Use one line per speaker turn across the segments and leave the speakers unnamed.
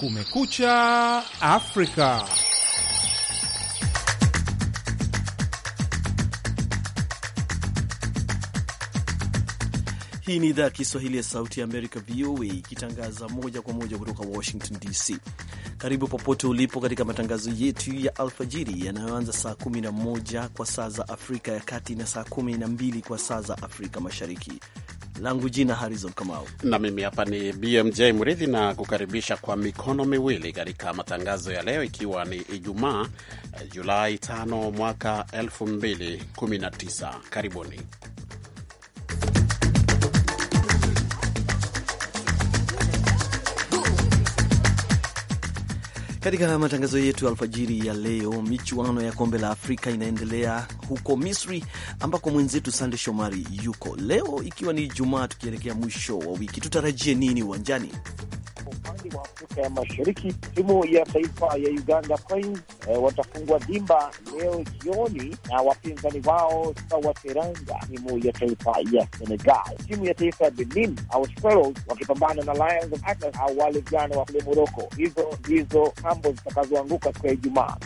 Kumekucha Afrika.
Hii ni idhaa ya Kiswahili ya Sauti ya Amerika, VOA, ikitangaza moja kwa moja kutoka Washington DC. Karibu popote ulipo katika matangazo yetu ya alfajiri yanayoanza saa 11 kwa saa za Afrika ya Kati na saa 12 kwa saa za Afrika Mashariki langu jina Harizon Kamau, na
mimi hapa ni BMJ mridhi na kukaribisha kwa mikono miwili katika matangazo ya leo, ikiwa ni Ijumaa eh, Julai 5 mwaka 2019. Karibuni.
Katika matangazo yetu ya alfajiri ya leo, michuano ya kombe la Afrika inaendelea huko Misri ambako mwenzetu Sande Shomari yuko leo, ikiwa ni Ijumaa tukielekea mwisho wa wiki. Tutarajie nini uwanjani?
ukanda wa Afrika ya Mashariki, timu ya taifa ya Uganda Cranes e, eh, watafungua dimba leo jioni na wapinzani wao Sawa Teranga, timu ya taifa ya Senegal. Timu ya taifa ya Benin au wakipambana na Lions of Atlas au wale vijana wa kule Moroko. Hizo ndizo kambo zitakazoanguka siku ya Ijumaa.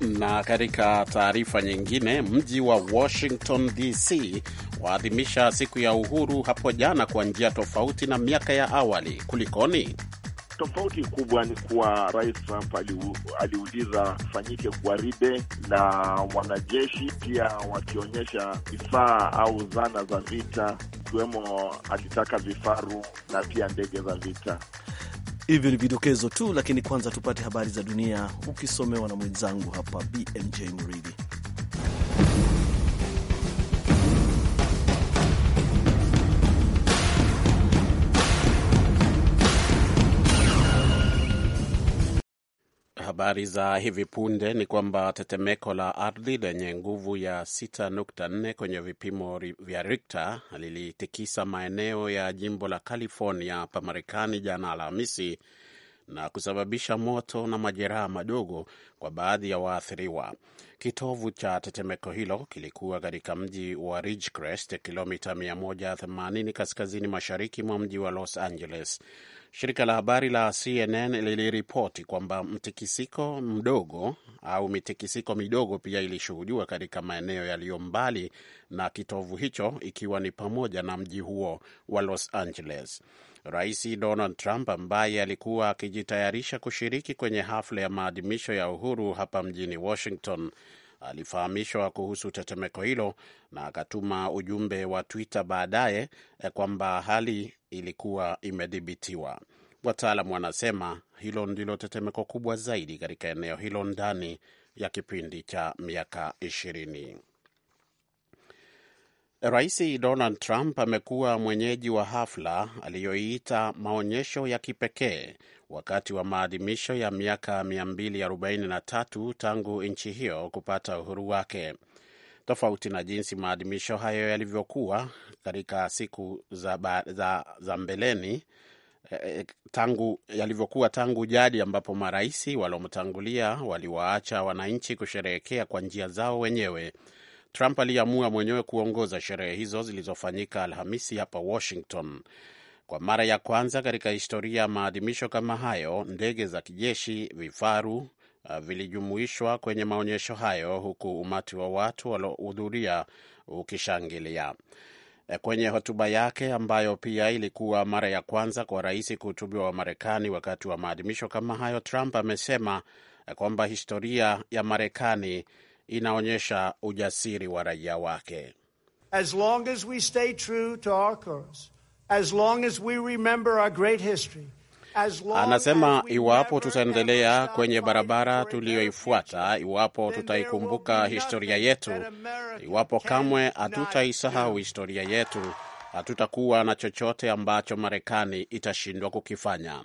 Na katika taarifa nyingine, mji wa Washington DC waadhimisha siku ya uhuru hapo jana kwa njia tofauti na miaka ya awali. Kulikoni? Tofauti kubwa ni kuwa Rais Trump aliuliza fanyike gwaride la
wanajeshi, pia wakionyesha vifaa au zana za vita, ikiwemo alitaka vifaru na pia ndege za vita.
Hivyo ni vidokezo tu, lakini kwanza tupate habari za dunia ukisomewa na mwenzangu hapa BMJ Mridhi.
Habari za hivi punde ni kwamba tetemeko la ardhi lenye nguvu ya 6.4 kwenye vipimo vya Richter lilitikisa maeneo ya jimbo la California hapa Marekani jana Alhamisi na kusababisha moto na majeraha madogo kwa baadhi ya waathiriwa. Kitovu cha tetemeko hilo kilikuwa katika mji wa Ridgecrest, kilomita 180 kaskazini mashariki mwa mji wa Los Angeles. Shirika la habari la CNN liliripoti kwamba mtikisiko mdogo au mitikisiko midogo pia ilishuhudiwa katika maeneo yaliyo mbali na kitovu hicho ikiwa ni pamoja na mji huo wa Los Angeles. Rais Donald Trump ambaye alikuwa akijitayarisha kushiriki kwenye hafla ya maadhimisho ya uhuru hapa mjini Washington alifahamishwa kuhusu tetemeko hilo na akatuma ujumbe wa Twitter baadaye eh, kwamba hali ilikuwa imedhibitiwa. Wataalam wanasema hilo ndilo tetemeko kubwa zaidi katika eneo hilo ndani ya kipindi cha miaka ishirini. Rais Donald Trump amekuwa mwenyeji wa hafla aliyoiita maonyesho ya kipekee wakati wa maadhimisho ya miaka 243 tangu nchi hiyo kupata uhuru wake tofauti na jinsi maadhimisho hayo yalivyokuwa katika siku za, ba, za, za mbeleni eh, tangu yalivyokuwa tangu jadi ambapo marais waliomtangulia waliwaacha wananchi kusherehekea kwa njia zao wenyewe. Trump aliamua mwenyewe kuongoza sherehe hizo zilizofanyika Alhamisi hapa Washington. Kwa mara ya kwanza katika historia ya maadhimisho kama hayo, ndege za kijeshi, vifaru Uh, vilijumuishwa kwenye maonyesho hayo huku umati wa watu waliohudhuria ukishangilia. Uh, kwenye hotuba yake ambayo pia ilikuwa mara ya kwanza kwa rais kuhutubiwa wa Marekani wakati wa maadhimisho kama hayo, Trump amesema uh, kwamba historia ya Marekani inaonyesha ujasiri wa raia wake. As long as we stay true to our cause, as long as we remember our great history Anasema iwapo tutaendelea kwenye barabara tuliyoifuata, iwapo tutaikumbuka historia yetu, iwapo kamwe hatutaisahau historia yetu, hatutakuwa na chochote ambacho Marekani itashindwa kukifanya.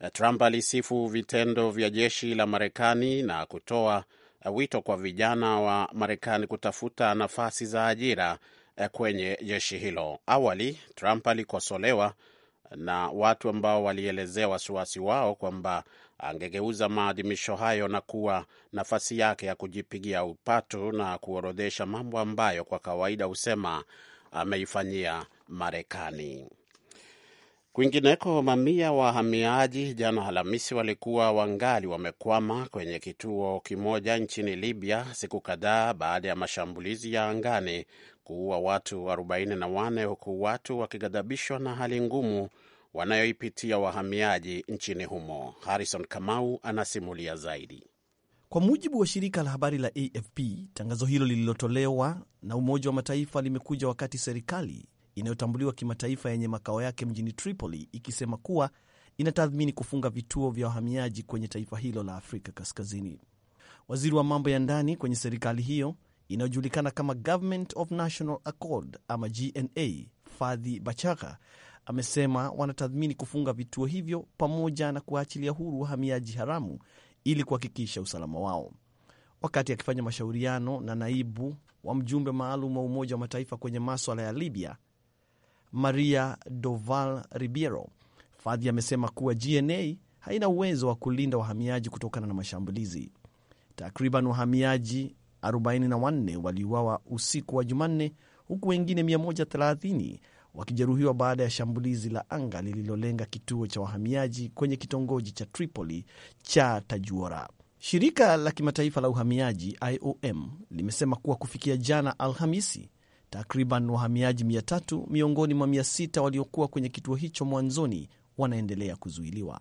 Eh, Trump alisifu vitendo vya jeshi la Marekani na kutoa eh, wito kwa vijana wa Marekani kutafuta nafasi za ajira eh, kwenye jeshi hilo. Awali Trump alikosolewa na watu ambao walielezea wasiwasi wao kwamba angegeuza maadhimisho hayo na kuwa nafasi yake ya kujipigia upatu na kuorodhesha mambo ambayo kwa kawaida husema ameifanyia Marekani. Kwingineko, mamia wahamiaji jana Alhamisi walikuwa wangali wamekwama kwenye kituo kimoja nchini Libya siku kadhaa baada ya mashambulizi ya angani kuua watu arobaini huku watu wakighadhabishwa na hali ngumu wanayoipitia wahamiaji nchini humo. Harrison Kamau anasimulia zaidi.
Kwa mujibu wa shirika la habari la AFP, tangazo hilo lililotolewa na Umoja wa Mataifa limekuja wakati serikali inayotambuliwa kimataifa yenye makao yake mjini Tripoli ikisema kuwa inatathmini kufunga vituo vya wahamiaji kwenye taifa hilo la Afrika Kaskazini. Waziri wa mambo ya ndani kwenye serikali hiyo inayojulikana kama Government of National Accord ama GNA, Fadhi Bachagha amesema wanatathmini kufunga vituo hivyo pamoja na kuwaachilia huru wahamiaji haramu ili kuhakikisha usalama wao. Wakati akifanya mashauriano na naibu wa mjumbe maalum wa Umoja wa Mataifa kwenye maswala ya Libya Maria Doval Ribiero. Fadhi amesema kuwa GNA haina uwezo wa kulinda wahamiaji kutokana na mashambulizi. Takriban wahamiaji 44 waliuawa usiku wa Jumanne, huku wengine 130 wakijeruhiwa baada ya shambulizi la anga lililolenga kituo cha wahamiaji kwenye kitongoji cha Tripoli cha Tajuora. Shirika la kimataifa la uhamiaji IOM limesema kuwa kufikia jana Alhamisi Takriban wahamiaji 3 miongoni mwa 6 waliokuwa kwenye kituo hicho mwanzoni wanaendelea kuzuiliwa.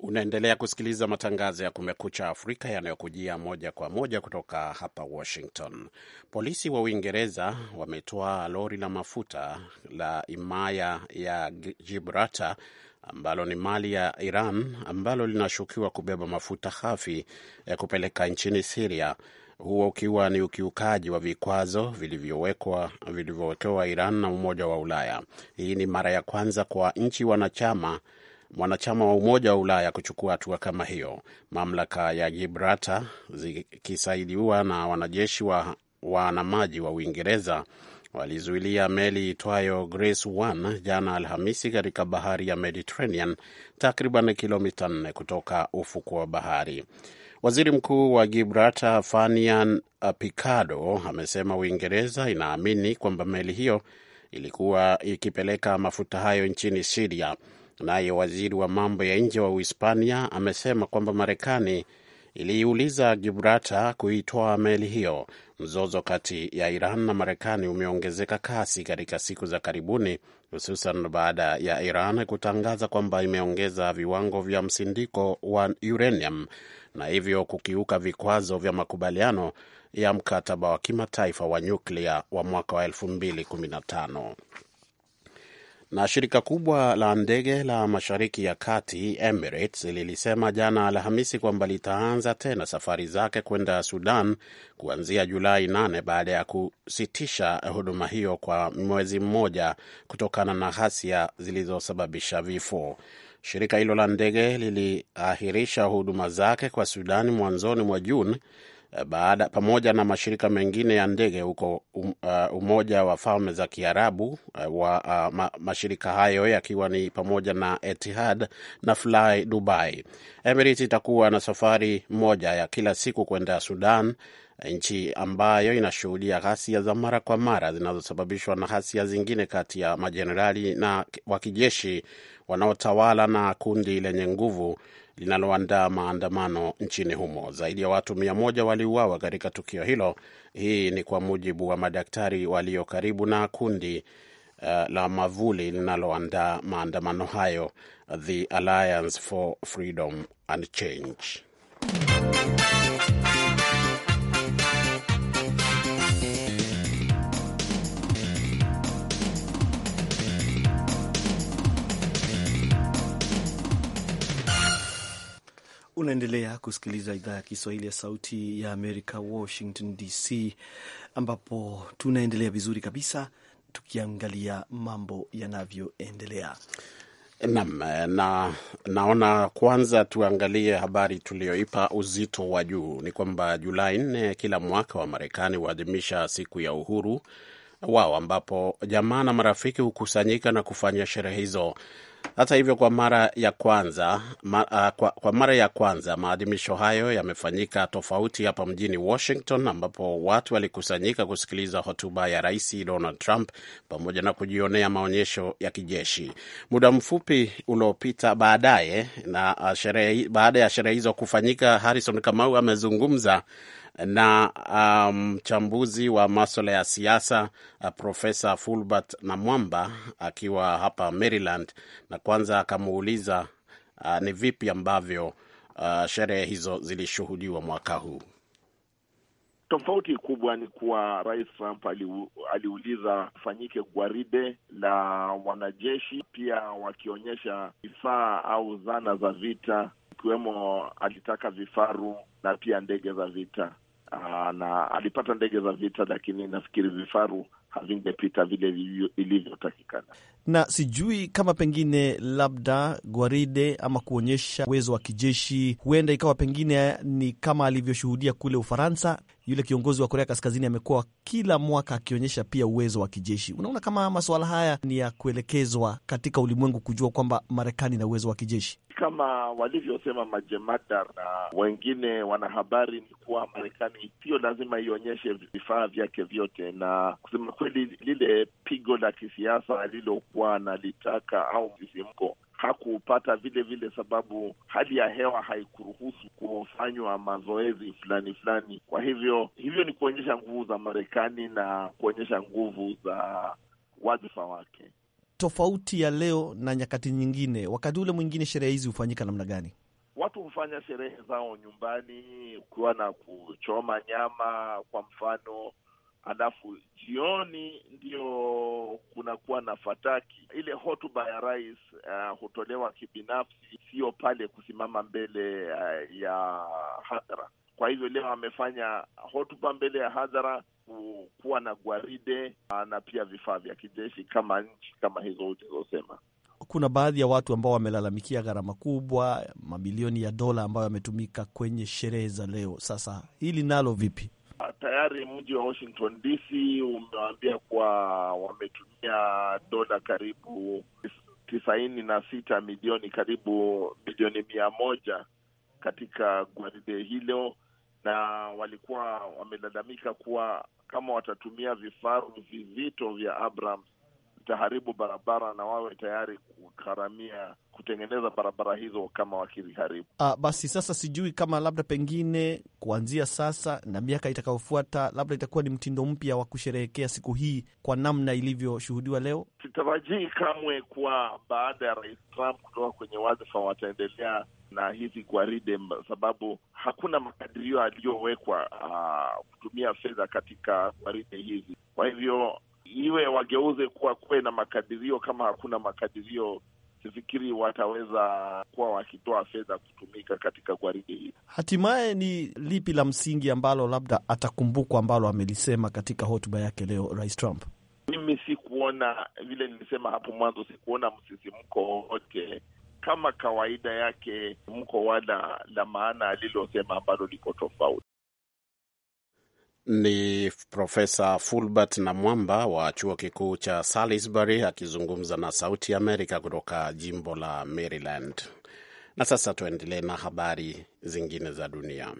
Unaendelea kusikiliza matangazo ya Kumekucha Afrika yanayokujia moja kwa moja kutoka hapa Washington. Polisi wa Uingereza wametoa lori la mafuta la himaya ya Gibraltar ambalo ni mali ya Iran ambalo linashukiwa kubeba mafuta ghafi ya eh, kupeleka nchini Siria huo ukiwa ni ukiukaji wa vikwazo vilivyowekewa vilivyowekewa Iran na Umoja wa Ulaya. Hii ni mara ya kwanza kwa nchi wanachama mwanachama wa Umoja wa Ulaya kuchukua hatua kama hiyo, mamlaka ya Gibraltar zikisaidiwa na wanajeshi wa wanamaji wa Uingereza walizuilia meli itwayo Grace One jana Alhamisi katika bahari ya Mediterranean, takriban kilomita nne kutoka ufukwa wa bahari. Waziri Mkuu wa Gibraltar Fanian Picado amesema Uingereza inaamini kwamba meli hiyo ilikuwa ikipeleka mafuta hayo nchini Siria. Naye waziri wa mambo ya nje wa Uhispania amesema kwamba Marekani iliiuliza Gibraltar kuitoa meli hiyo. Mzozo kati ya Iran na Marekani umeongezeka kasi katika siku za karibuni, hususan baada ya Iran kutangaza kwamba imeongeza viwango vya msindiko wa uranium na hivyo kukiuka vikwazo vya makubaliano ya mkataba wa kimataifa wa nyuklia wa mwaka wa 2015. Na shirika kubwa la ndege la Mashariki ya Kati Emirates lilisema jana Alhamisi kwamba litaanza tena safari zake kwenda Sudan kuanzia Julai 8 baada ya kusitisha huduma hiyo kwa mwezi mmoja kutokana na ghasia zilizosababisha vifo. Shirika hilo la ndege liliahirisha huduma zake kwa Sudani mwanzoni mwa Juni eh, baada, pamoja na mashirika mengine ya ndege huko um, uh, Umoja wa Falme za Kiarabu uh, wa, uh, ma, mashirika hayo yakiwa ni pamoja na Etihad na Fly Dubai. Emirates itakuwa na safari moja ya kila siku kwenda Sudan nchi ambayo inashuhudia ghasia za mara kwa mara zinazosababishwa na ghasia zingine kati ya majenerali na wa kijeshi wanaotawala na kundi lenye nguvu linaloandaa maandamano nchini humo. Zaidi ya watu mia moja waliuawa katika tukio hilo. Hii ni kwa mujibu wa madaktari walio karibu na kundi uh, la mavuli linaloandaa maandamano hayo, The Alliance for Freedom and Change.
Unaendelea kusikiliza idhaa ya Kiswahili ya Sauti ya Amerika, Washington DC, ambapo tunaendelea vizuri kabisa tukiangalia mambo yanavyoendelea.
Naam, na naona kwanza tuangalie habari tuliyoipa uzito wa juu. Ni kwamba Julai nne kila mwaka wa Marekani huadhimisha siku ya uhuru wao, ambapo jamaa na marafiki hukusanyika na kufanya sherehe hizo hata hivyo, kwa mara ya kwanza ma, uh, kwa, kwa mara ya kwanza maadhimisho hayo yamefanyika tofauti hapa mjini Washington, ambapo watu walikusanyika kusikiliza hotuba ya Rais Donald Trump pamoja na kujionea maonyesho ya kijeshi. Muda mfupi uliopita baadaye na uh, sherehe baada ya sherehe hizo kufanyika, Harrison Kamau amezungumza na um, mchambuzi um, wa maswala ya siasa uh, Profesa Fulbert Namwamba akiwa hapa Maryland, na kwanza akamuuliza uh, ni vipi ambavyo uh, sherehe hizo zilishuhudiwa mwaka huu.
Tofauti kubwa ni kuwa Rais Trump ali, aliuliza fanyike gwaride la wanajeshi, pia wakionyesha vifaa au zana za vita, ikiwemo alitaka vifaru na pia ndege za vita. Ah, na alipata ndege za vita, lakini nafikiri vifaru havingepita vile ilivyotakikana
na sijui kama pengine labda gwaride ama kuonyesha uwezo wa kijeshi, huenda ikawa pengine ni kama alivyoshuhudia kule Ufaransa. Yule kiongozi wa Korea Kaskazini amekuwa kila mwaka akionyesha pia uwezo wa kijeshi. Unaona kama masuala haya ni ya kuelekezwa katika ulimwengu kujua kwamba Marekani ina uwezo wa kijeshi
kama walivyosema majemadar na wengine wanahabari, ni kuwa Marekani sio lazima ionyeshe vifaa vyake vyote, na kusema kweli, lile pigo la kisiasa lilo alikuwa analitaka au msisimko hakupata vile vile, sababu hali ya hewa haikuruhusu kufanywa mazoezi fulani fulani. Kwa hivyo hivyo ni kuonyesha nguvu za Marekani na kuonyesha nguvu za wadhifa wake.
Tofauti ya leo na nyakati nyingine, wakati ule mwingine sherehe hizi hufanyika namna gani?
Watu hufanya sherehe zao nyumbani, ukiwa na kuchoma nyama kwa mfano alafu jioni ndio kunakuwa na fataki. Ile hotuba ya rais uh, hutolewa kibinafsi, sio pale kusimama mbele uh, ya hadhara. Kwa hivyo leo amefanya hotuba mbele ya hadhara kuwa na gwaride uh, na pia vifaa vya kijeshi kama nchi kama hizo ulizosema.
Kuna baadhi ya watu ambao wamelalamikia gharama kubwa, mabilioni ya dola ambayo yametumika kwenye sherehe za leo. Sasa hili nalo vipi?
Ah, tayari mji wa Washington DC umewaambia kuwa wametumia dola karibu tisaini na sita milioni karibu milioni mia moja katika gwaride hilo, na walikuwa wamelalamika kuwa kama watatumia vifaru vizito vya Abrams wataharibu barabara na wawe tayari kugharamia kutengeneza barabara hizo kama wakiziharibu.
Ah, basi sasa sijui kama labda pengine kuanzia sasa na miaka itakayofuata labda itakuwa ni mtindo mpya wa kusherehekea siku hii kwa namna ilivyoshuhudiwa leo.
Sitarajii kamwe kuwa baada ya Rais Trump kutoka kwenye wadhifa wataendelea na hizi gwaride, sababu hakuna makadirio aliyowekwa ah, kutumia fedha katika gwaride hizi. Kwa hivyo iwe wageuze kuwa kuwe na makadirio. Kama hakuna makadirio, sifikiri wataweza kuwa wakitoa fedha kutumika katika gwaride hii
Hatimaye, ni lipi la msingi ambalo labda atakumbukwa ambalo amelisema katika hotuba yake leo Rais Trump?
Mimi sikuona, vile nilisema hapo mwanzo, sikuona msisimko wowote kama kawaida yake mko wala la maana alilosema ambalo liko tofauti.
Ni Profesa Fulbert na Mwamba wa chuo kikuu cha Salisbury akizungumza na Sauti Amerika kutoka jimbo la Maryland. Na sasa tuendelee na habari zingine za dunia.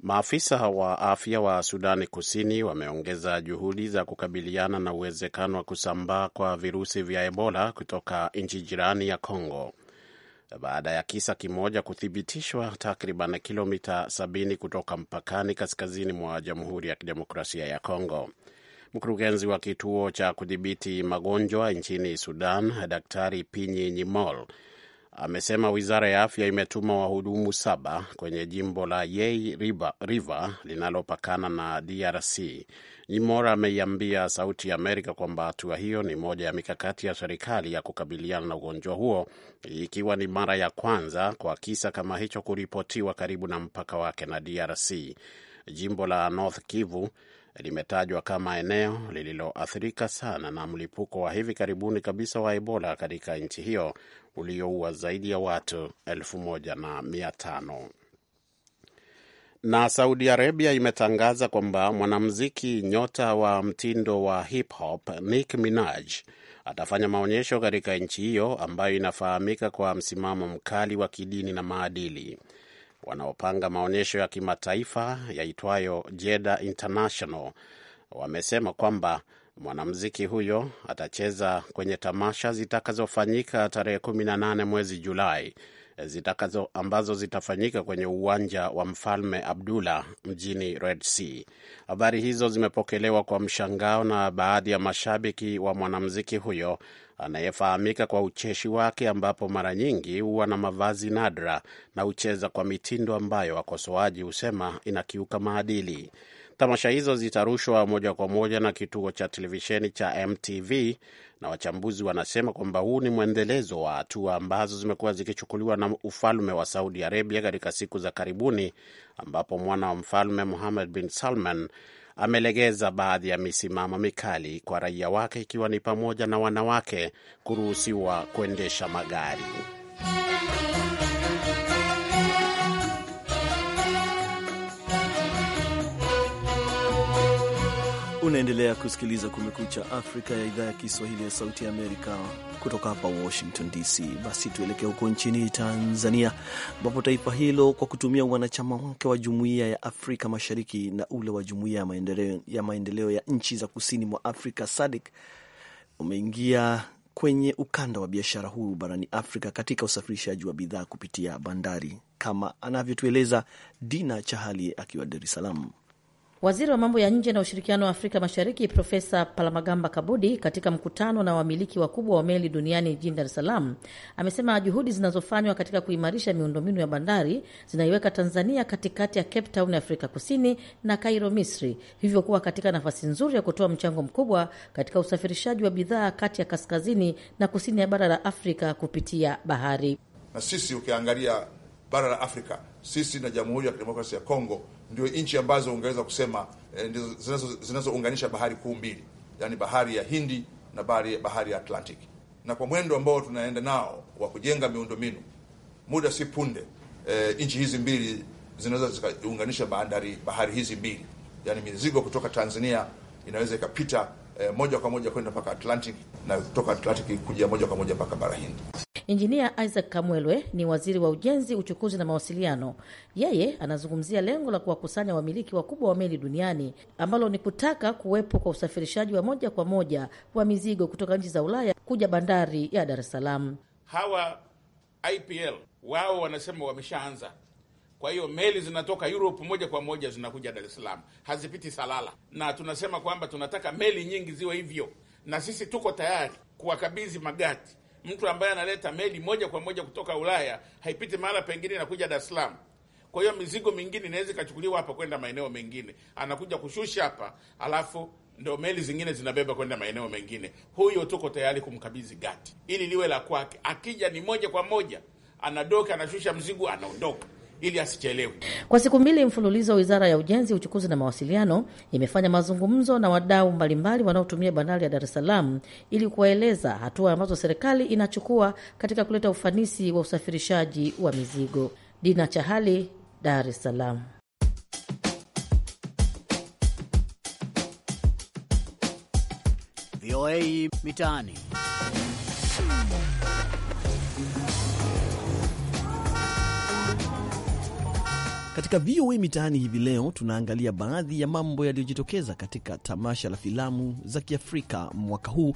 Maafisa wa afya wa Sudani Kusini wameongeza juhudi za kukabiliana na uwezekano wa kusambaa kwa virusi vya Ebola kutoka nchi jirani ya Congo baada ya kisa kimoja kuthibitishwa takriban kilomita 70 kutoka mpakani kaskazini mwa Jamhuri ya Kidemokrasia ya Kongo. Mkurugenzi wa kituo cha kudhibiti magonjwa nchini Sudan, Daktari Pinyi Nyimol amesema wizara ya afya imetuma wahudumu saba kwenye jimbo la Yei River linalopakana na DRC. Nyimora ameiambia Sauti ya Amerika kwamba hatua hiyo ni moja ya mikakati ya serikali ya kukabiliana na ugonjwa huo, ikiwa ni mara ya kwanza kwa kisa kama hicho kuripotiwa karibu na mpaka wake na DRC. Jimbo la North Kivu limetajwa kama eneo lililoathirika sana na mlipuko wa hivi karibuni kabisa wa Ebola katika nchi hiyo ulioua zaidi ya watu elfu moja na mia tano. Na Saudi Arabia imetangaza kwamba mwanamuziki nyota wa mtindo wa hip hop Nicki Minaj atafanya maonyesho katika nchi hiyo ambayo inafahamika kwa msimamo mkali wa kidini na maadili wanaopanga maonyesho ya kimataifa yaitwayo Jeda International wamesema kwamba mwanamuziki huyo atacheza kwenye tamasha zitakazofanyika tarehe 18 mwezi Julai zitakazo ambazo zitafanyika kwenye uwanja wa Mfalme Abdullah mjini Red Sea. Habari hizo zimepokelewa kwa mshangao na baadhi ya mashabiki wa mwanamuziki huyo anayefahamika kwa ucheshi wake, ambapo mara nyingi huwa na mavazi nadra na hucheza kwa mitindo ambayo wakosoaji husema inakiuka maadili. Tamasha hizo zitarushwa moja kwa moja na kituo cha televisheni cha MTV, na wachambuzi wanasema kwamba huu ni mwendelezo wa hatua ambazo zimekuwa zikichukuliwa na ufalme wa Saudi Arabia katika siku za karibuni, ambapo mwana wa mfalme Muhammad bin Salman amelegeza baadhi ya misimamo mikali kwa raia wake, ikiwa ni pamoja na wanawake kuruhusiwa kuendesha magari.
Unaendelea kusikiliza Kumekucha Afrika ya idhaa ya Kiswahili ya Sauti ya Amerika kutoka hapa Washington DC. Basi tuelekee huko nchini Tanzania, ambapo taifa hilo kwa kutumia wanachama wake wa Jumuiya ya Afrika Mashariki na ule wa Jumuiya ya Maendeleo ya, maendeleo ya nchi za kusini mwa Afrika SADC umeingia kwenye ukanda wa biashara huu barani Afrika katika usafirishaji wa bidhaa kupitia bandari, kama anavyotueleza Dina Chahali akiwa Dar es Salaam.
Waziri wa mambo ya nje na ushirikiano wa Afrika Mashariki Profesa Palamagamba Kabudi, katika mkutano na wamiliki wakubwa wa meli duniani jijini Dar es Salaam, amesema juhudi zinazofanywa katika kuimarisha miundombinu ya bandari zinaiweka Tanzania katikati ya Cape Town ya Afrika Kusini na Cairo, Misri, hivyo kuwa katika nafasi nzuri ya kutoa mchango mkubwa katika usafirishaji wa bidhaa kati ya kaskazini na kusini ya bara la Afrika kupitia bahari.
Na sisi ukiangalia bara la Afrika sisi na Jamhuri ya Kidemokrasia ya Kongo ndio nchi ambazo ungeweza kusema eh, zinazounganisha bahari kuu mbili, yani bahari ya Hindi na bahari, bahari ya Atlantic. Na kwa mwendo ambao tunaenda nao wa kujenga miundombinu, muda si punde e, nchi hizi mbili zinaweza zikaunganisha bandari, bahari hizi mbili, yani mizigo kutoka Tanzania inaweza ikapita e, moja kwa moja kwenda mpaka Atlantic na kutoka Atlantic kuja moja kwa moja mpaka bara Hindi.
Injinia Isaac Kamwelwe ni waziri wa ujenzi, uchukuzi na mawasiliano. Yeye anazungumzia lengo la kuwakusanya wamiliki wakubwa wa meli duniani ambalo ni kutaka kuwepo kwa usafirishaji wa moja kwa moja wa mizigo kutoka nchi za Ulaya kuja bandari ya Dar es Salaam.
Hawa IPL wao wanasema wameshaanza kwa hiyo meli zinatoka Europe moja kwa moja zinakuja Dar es Salaam, hazipiti Salala, na tunasema kwamba tunataka meli nyingi ziwe hivyo, na sisi tuko tayari kuwakabidhi magati mtu ambaye analeta meli moja kwa moja kutoka Ulaya haipiti mahala pengine inakuja Dar es Salaam. Kwa hiyo mizigo mingine inaweza ikachukuliwa hapa kwenda maeneo mengine, anakuja kushusha hapa, alafu ndo meli zingine zinabeba kwenda maeneo mengine. Huyo tuko tayari kumkabidhi gati ili liwe la kwake. Akija ni moja kwa moja, anadoka, anashusha mzigo, anaondoka ili asichelewe.
Kwa siku mbili mfululizo, Wizara ya Ujenzi, Uchukuzi na Mawasiliano imefanya mazungumzo na wadau mbalimbali wanaotumia bandari ya Dar es Salaam ili kuwaeleza hatua ambazo serikali inachukua katika kuleta ufanisi wa usafirishaji wa mizigo. Dina Chahali, Dar es Salaam.
VOA Mitaani.
Katika VOA e Mitaani hivi leo tunaangalia baadhi ya mambo yaliyojitokeza katika tamasha la filamu za Kiafrika mwaka huu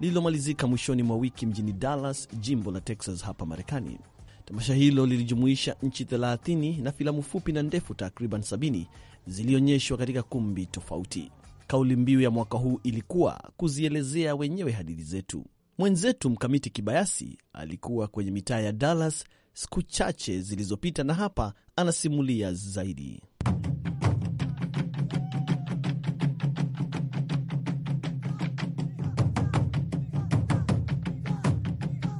lililomalizika mwishoni mwa wiki mjini Dallas, jimbo la Texas hapa Marekani. Tamasha hilo lilijumuisha nchi 30 na filamu fupi na ndefu takriban 70 zilionyeshwa katika kumbi tofauti. Kauli mbiu ya mwaka huu ilikuwa kuzielezea wenyewe hadithi zetu. Mwenzetu Mkamiti Kibayasi alikuwa kwenye mitaa ya Dallas siku chache zilizopita, na hapa anasimulia zaidi.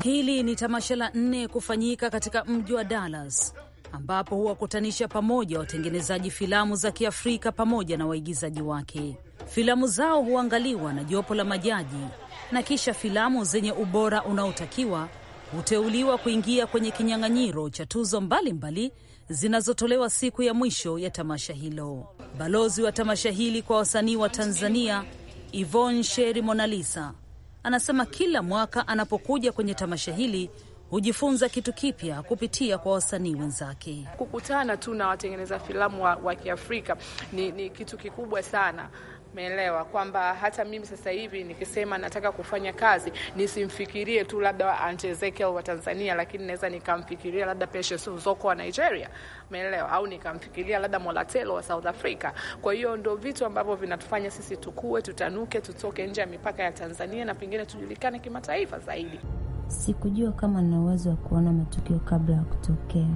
Hili ni tamasha la nne kufanyika katika mji wa Dallas ambapo huwakutanisha pamoja watengenezaji filamu za Kiafrika pamoja na waigizaji wake. Filamu zao huangaliwa na jopo la majaji na kisha filamu zenye ubora unaotakiwa huteuliwa kuingia kwenye kinyang'anyiro cha tuzo mbalimbali zinazotolewa siku ya mwisho ya tamasha hilo. Balozi wa tamasha hili kwa wasanii wa Tanzania Yvonne Sheri Monalisa anasema kila mwaka anapokuja kwenye tamasha hili hujifunza kitu kipya kupitia kwa wasanii wenzake. Kukutana tu na watengeneza filamu wa, wa Kiafrika ni, ni kitu kikubwa sana meelewa kwamba hata mimi sasa hivi nikisema nataka kufanya kazi nisimfikirie tu labda Aunt Ezekiel wa Tanzania, lakini naweza nikamfikiria labda Patience Uzoko wa Nigeria, meelewa au nikamfikiria labda Molatelo wa South Africa. Kwa hiyo ndio vitu ambavyo vinatufanya sisi tukue, tutanuke, tutoke nje ya mipaka ya Tanzania na pengine tujulikane kimataifa zaidi. Sikujua kama na uwezo wa kuona matukio kabla ya kutokea.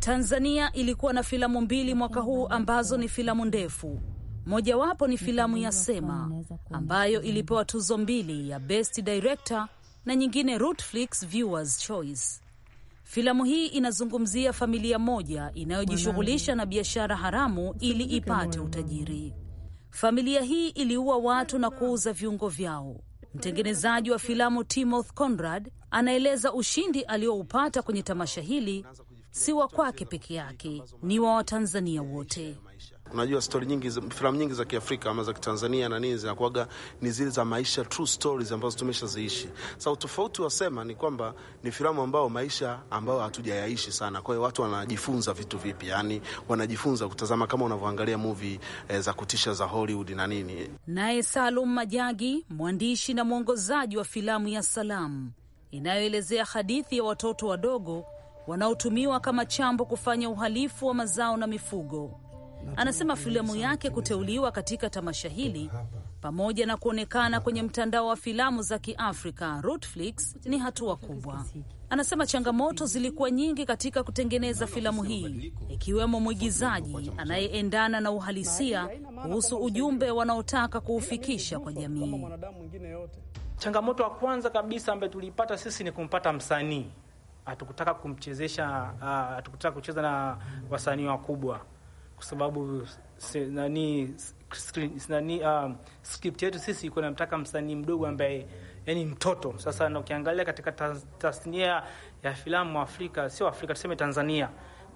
Tanzania ilikuwa na filamu mbili mwaka huu ambazo ni filamu ndefu Mojawapo ni filamu ya Sema ambayo ilipewa tuzo mbili, ya Best Director na nyingine Rootflix Viewers Choice. Filamu hii inazungumzia familia moja inayojishughulisha na biashara haramu ili ipate utajiri. Familia hii iliua watu na kuuza viungo vyao. Mtengenezaji wa filamu timoth Conrad anaeleza ushindi alioupata kwenye tamasha hili si wa kwake peke yake, ni wa Watanzania wote.
Unajua stori nyingi, filamu nyingi za Kiafrika ama za Kitanzania na nini zinakuaga ni zile za maisha, true stories ambazo tumeshaziishi. Sasa utofauti wasema ni kwamba ni filamu ambao maisha ambayo hatujayaishi sana, kwa hiyo watu wanajifunza vitu vipi, yani wanajifunza kutazama kama unavyoangalia movie e, za kutisha za Hollywood na nini.
Naye Salum Majagi, mwandishi na mwongozaji wa filamu ya Salamu inayoelezea hadithi ya watoto wadogo wanaotumiwa kama chambo kufanya uhalifu wa mazao na mifugo Anasema filamu yake kuteuliwa katika tamasha hili pamoja na kuonekana kwenye mtandao wa filamu za Kiafrika Rotflix ni hatua kubwa. Anasema changamoto zilikuwa nyingi katika kutengeneza filamu hii, ikiwemo mwigizaji anayeendana na uhalisia kuhusu ujumbe wanaotaka kuufikisha kwa jamii.
Changamoto ya kwanza kabisa ambayo tuliipata sisi ni kumpata msanii, hatukutaka kumchezesha, ah, hatukutaka kucheza na wasanii wakubwa kwa sababu nani screen nani um, script yetu sisi iko namtaka msanii mdogo ambaye yani mtoto. Sasa na ukiangalia katika tasnia ya filamu Afrika, sio Afrika tuseme Tanzania,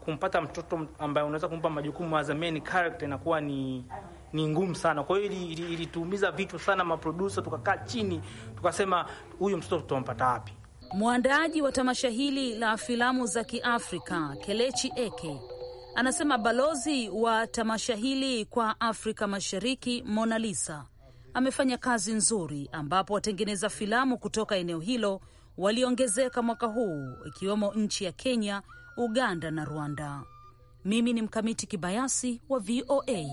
kumpata mtoto ambaye unaweza kumpa majukumu as a main character inakuwa ni ni ngumu sana. Kwa hiyo ilituumiza ili vichwa sana maproducer, tukakaa chini tukasema huyu mtoto tutampata wapi?
Mwandaaji wa tamasha hili la filamu za Kiafrika Kelechi Eke Anasema balozi wa tamasha hili kwa Afrika Mashariki, Mona Lisa, amefanya kazi nzuri, ambapo watengeneza filamu kutoka eneo hilo waliongezeka mwaka huu, ikiwemo nchi ya Kenya, Uganda na Rwanda. Mimi ni Mkamiti Kibayasi wa VOA.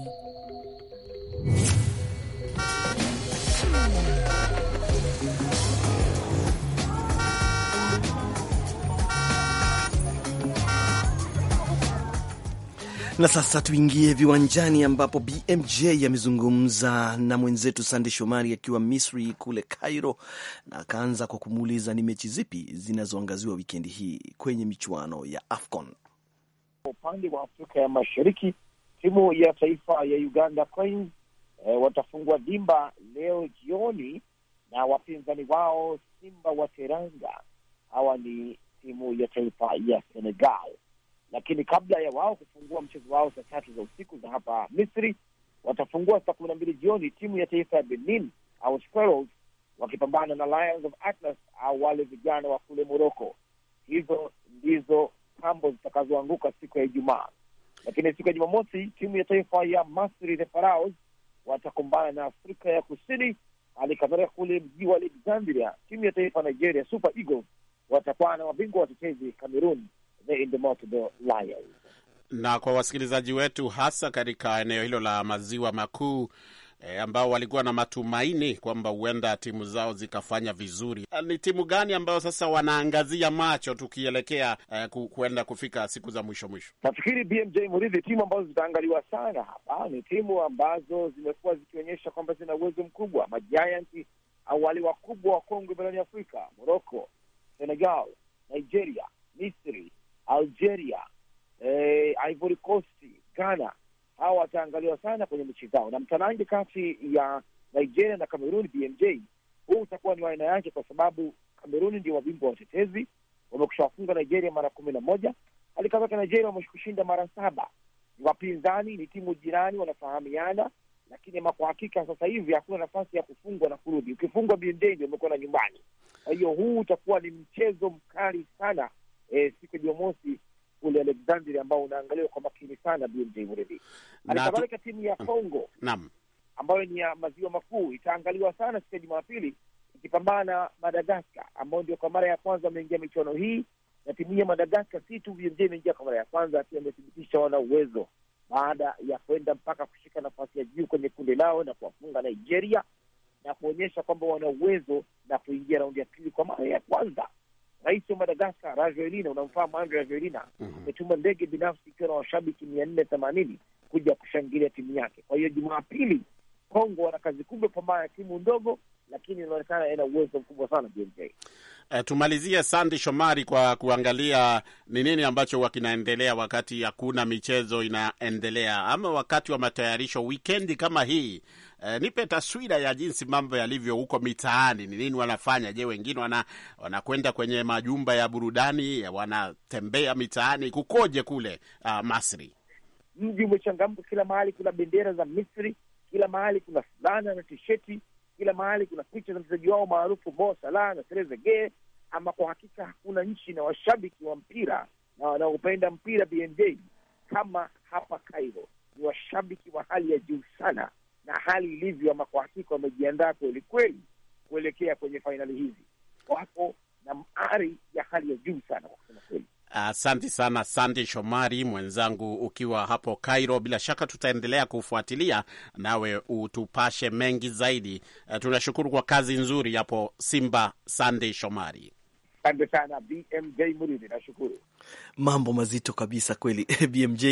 Na sasa tuingie viwanjani ambapo BMJ amezungumza na mwenzetu Sande Shomari akiwa Misri kule Cairo, na akaanza kwa kumuuliza ni mechi zipi zinazoangaziwa wikendi hii kwenye michuano ya AFCON.
Kwa upande wa Afrika ya Mashariki, timu ya taifa ya Uganda Cranes eh, watafungua dimba leo jioni na wapinzani wao Simba wa Teranga. Hawa ni timu ya taifa ya Senegal lakini kabla ya wao kufungua mchezo wao saa tatu za usiku za hapa Misri, watafungua saa kumi na mbili jioni timu ya taifa ya Benin au Squirrels wakipambana na Lions of Atlas au wale vijana wa kule Moroko. Hizo ndizo pambo zitakazoanguka siku ya Ijumaa, lakini siku ya Jumamosi timu ya taifa ya Masri, the Pharaohs watakumbana na Afrika ya Kusini. Hali kadhalika kule mji wa Alexandria, timu ya taifa Nigeria Super Eagles watakuwa na wabingwa watetezi Cameroon the
Na kwa wasikilizaji wetu hasa katika eneo hilo la maziwa makuu E, ambao walikuwa na matumaini kwamba huenda timu zao zikafanya vizuri. E, ni timu gani ambayo sasa wanaangazia macho tukielekea e, kuenda kufika siku za mwisho mwisho?
Nafikiri BMJ Muridhi, timu ambazo zitaangaliwa sana hapa ni timu ambazo zimekuwa zikionyesha kwamba zina uwezo mkubwa, majianti au wale wakubwa kongwe barani Afrika, Moroko, Senegal, Nigeria, Misri Algeria, eh, Ivory Coast, Ghana, hawa wataangaliwa sana kwenye mechi zao, na mtanange kati ya Nigeria na Cameroon BMJ huu utakuwa ni wa aina yake, kwa sababu Cameroon ndio wabingwa watetezi, wamekushawafunga Nigeria mara kumi na moja. Hali kadhalika Nigeria wamekushinda mara saba. Ni wapinzani, ni timu jirani, wanafahamiana, lakini ama kwa hakika sasa hivi hakuna nafasi ya kufungwa na kurudi. Ukifungwa BMJ ndio na nyumbani. Kwa hiyo huu utakuwa ni mchezo mkali sana e, siku ya Jumamosi kule Alexandria ambao unaangaliwa kwa makini sana BMJ Mridhi. Halikadhalika timu ya mm, Congo naam, ambayo ni ya maziwa makuu itaangaliwa sana siku ya Jumapili ikipambana na Madagaskar ambao ndio kwa mara ya kwanza wameingia michuano hii, na timu hii ya Madagaskar si tu BMJ imeingia kwa mara ya kwanza, pia imethibitisha wana uwezo baada ya kwenda mpaka kushika nafasi ya juu kwenye kundi lao na kuwafunga Nigeria na kuonyesha kwamba wana uwezo na kuingia raundi ya pili kwa mara ya kwanza. Rais wa Madagaskar Rajoelina, unamfahamu Andre Rajoelina, mhm. ametuma mm -hmm. ndege binafsi ikiwa na washabiki mia nne themanini kuja kushangilia timu yake. Kwa hiyo Jumapili Kongo wana kazi kubwa pambana ya timu ndogo, lakini inaonekana ina uwezo mkubwa sana BMJ. Uh,
eh, tumalizie Sandi Shomari kwa kuangalia ni nini ambacho huwa kinaendelea wakati hakuna michezo inaendelea ama wakati wa matayarisho wikendi kama hii. E, nipe taswira ya jinsi mambo yalivyo huko mitaani. Ni nini wanafanya? Je, wengine wana wanakwenda kwenye majumba ya burudani, wanatembea mitaani? Kukoje kule uh, Masri?
Mji umechangamka, kila mahali kuna bendera za Misri, kila mahali kuna fulana na tisheti, kila mahali kuna picha za mchezaji wao maarufu Mo Salah na Trezeguet. Ama kwa hakika hakuna nchi na washabiki wa mpira na wanaopenda mpira bmj kama hapa Cairo, ni washabiki wa hali ya juu sana na hali ilivyo, ama kwa hakika wamejiandaa kwelikweli kuelekea kwenye fainali hizi, wako na ari ya hali ya juu sana kwa kusema kweli.
Asante uh, sana Sandi Shomari mwenzangu, ukiwa hapo Cairo. Bila shaka tutaendelea kufuatilia nawe utupashe mengi zaidi. Uh, tunashukuru kwa kazi nzuri hapo Simba. Sandi Shomari,
asante sana. BMJ Muridhi, nashukuru.
Mambo mazito kabisa kweli. BMJ,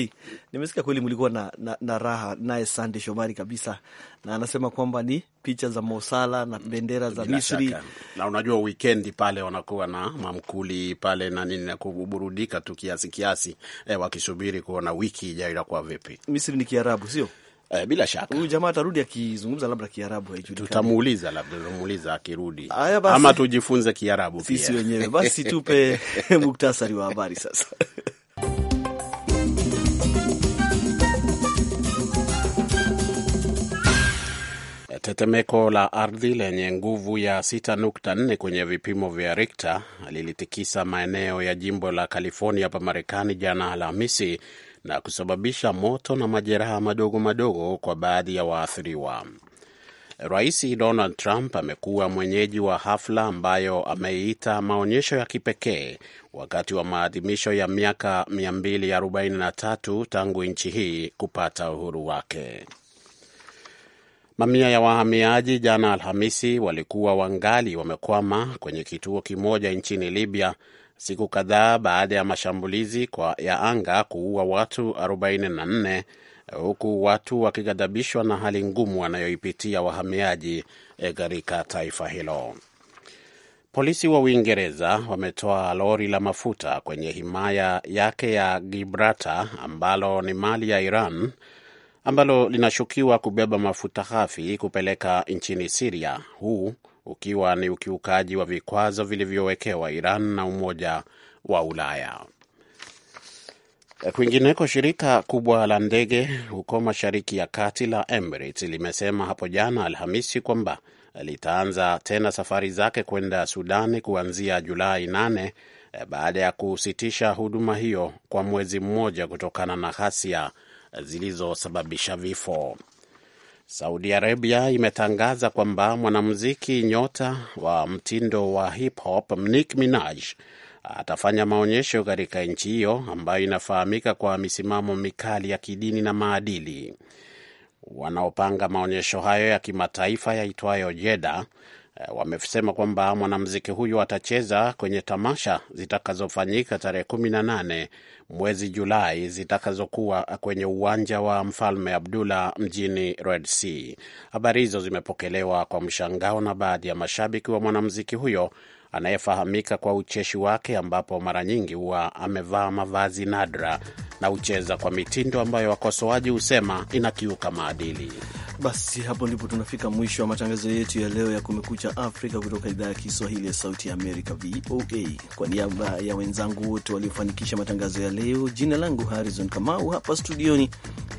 nimesikia kweli mlikuwa na, na, na raha naye Sande Shomari kabisa, na anasema kwamba ni picha za Mosala na bendera za Misri
Na unajua wikendi pale wanakuwa na mamkuli pale na nini na kuburudika tu kiasi kiasi, eh, wakisubiri kuona wiki ijayo inakuwa vipi. Misri ni Kiarabu, sio? Eh, bila shaka huyu jamaa atarudi akizungumza labda Kiarabu, haijulikani. Tutamuuliza labda tutamuuliza akirudi, ama tujifunze Kiarabu sisi wenyewe. Basi tupe muktasari wa habari sasa. Tetemeko la ardhi lenye nguvu ya 6.4 kwenye vipimo vya Richter lilitikisa maeneo ya jimbo la California hapa Marekani jana Alhamisi na kusababisha moto na majeraha madogo madogo kwa baadhi ya waathiriwa. Rais Donald Trump amekuwa mwenyeji wa hafla ambayo ameiita maonyesho ya kipekee wakati wa maadhimisho ya miaka 243 tangu nchi hii kupata uhuru wake. Mamia ya wahamiaji jana Alhamisi walikuwa wangali wamekwama kwenye kituo kimoja nchini Libya siku kadhaa baada ya mashambulizi kwa ya anga kuua watu 44 huku watu wakighadhabishwa na hali ngumu wanayoipitia wahamiaji e, katika taifa hilo. Polisi wa Uingereza wametoa lori la mafuta kwenye himaya yake ya Gibraltar ambalo ni mali ya Iran ambalo linashukiwa kubeba mafuta ghafi kupeleka nchini Siria, huu ukiwa ni ukiukaji wa vikwazo vilivyowekewa Iran na Umoja wa Ulaya. Kwingineko, shirika kubwa la ndege huko Mashariki ya Kati la Emirates limesema hapo jana Alhamisi kwamba litaanza tena safari zake kwenda Sudani kuanzia Julai 8 eh, baada ya kusitisha huduma hiyo kwa mwezi mmoja kutokana na ghasia zilizosababisha vifo. Saudi Arabia imetangaza kwamba mwanamuziki nyota wa mtindo wa hip hop Nicki Minaj atafanya maonyesho katika nchi hiyo ambayo inafahamika kwa misimamo mikali ya kidini na maadili. Wanaopanga maonyesho hayo ya kimataifa yaitwayo Jeda eh, wamesema kwamba mwanamuziki huyu atacheza kwenye tamasha zitakazofanyika tarehe 18 mwezi Julai zitakazokuwa kwenye uwanja wa Mfalme Abdullah mjini Red Sea. Habari hizo zimepokelewa kwa mshangao na baadhi ya mashabiki wa mwanamuziki huyo anayefahamika kwa ucheshi wake, ambapo mara nyingi huwa amevaa mavazi nadra na hucheza kwa mitindo ambayo wakosoaji husema inakiuka maadili.
Basi hapo ndipo tunafika mwisho wa matangazo yetu ya leo ya Kumekucha Afrika kutoka idhaa ya Kiswahili ya Sauti ya Amerika, VOA. Kwa niaba ya wenzangu wote waliofanikisha matangazo ya leo, jina langu Harrison Kamau, hapa studioni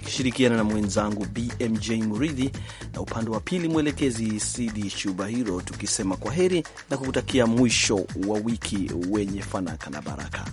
ikishirikiana na mwenzangu BMJ Muridhi, na upande wa pili mwelekezi Sidi Shubahiro, tukisema kwa heri na kukutakia mwisho wa wiki wenye fanaka na baraka.